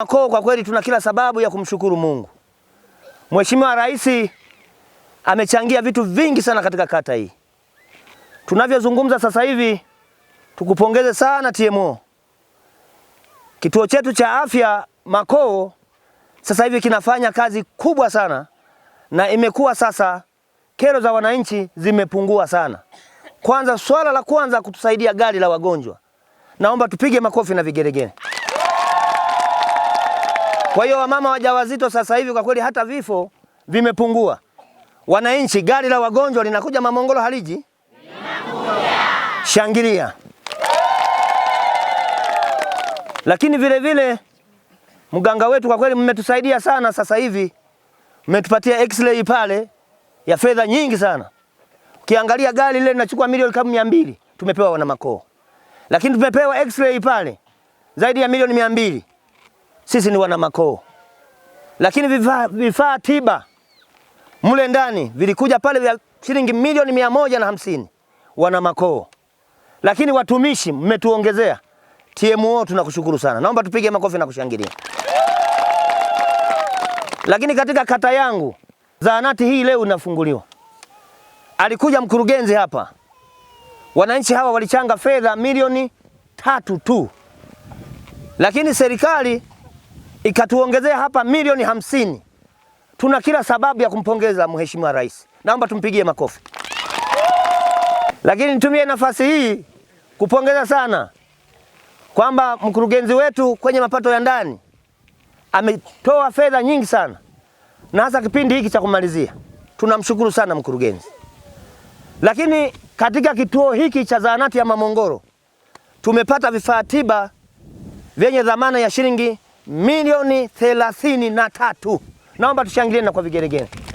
Makoo kwa kweli tuna kila sababu ya kumshukuru Mungu. Mheshimiwa Rais amechangia vitu vingi sana katika kata hii. Tunavyozungumza sasa hivi, tukupongeze sana TMO. Kituo chetu cha afya Makoo sasa hivi kinafanya kazi kubwa sana na imekuwa sasa kero za wananchi zimepungua sana. Kwanza, swala la kwanza kutusaidia gari la wagonjwa. Naomba tupige makofi na vigelegele. Kwa hiyo wamama wajawazito sasa hivi kwa kweli hata vifo vimepungua. Wananchi, gari la wagonjwa linakuja Mamongolo haliji? Linakuja. Shangilia. Lakini vile vile mganga wetu kwa kweli mmetusaidia sana sasa hivi. Mmetupatia x-ray pale ya fedha nyingi sana. Ukiangalia gari lile linachukua milioni kama mia mbili tumepewa wana Makoo. Lakini tumepewa x-ray pale zaidi ya milioni mia mbili sisi ni wana Makoo, lakini vifaa vifaa tiba mle ndani vilikuja pale vya shilingi milioni mia moja na hamsini wana Makoo, lakini watumishi mmetuongezea. TMO tunakushukuru sana, naomba tupige makofi na kushangilia. Lakini katika kata yangu zahanati hii leo inafunguliwa. Alikuja mkurugenzi hapa, wananchi hawa walichanga fedha milioni tatu tu, lakini serikali ikatuongezea hapa milioni hamsini. Tuna kila sababu ya kumpongeza Mheshimiwa Rais, naomba tumpigie makofi. Lakini nitumie nafasi hii kupongeza sana kwamba mkurugenzi wetu kwenye mapato ya ndani ametoa fedha nyingi sana, na hasa kipindi hiki cha kumalizia, tunamshukuru sana mkurugenzi. Lakini katika kituo hiki cha zahanati ya Mamongoro tumepata vifaa tiba vyenye dhamana ya shilingi milioni thelathini na tatu. Naomba tushangilie na kwa vigeregere.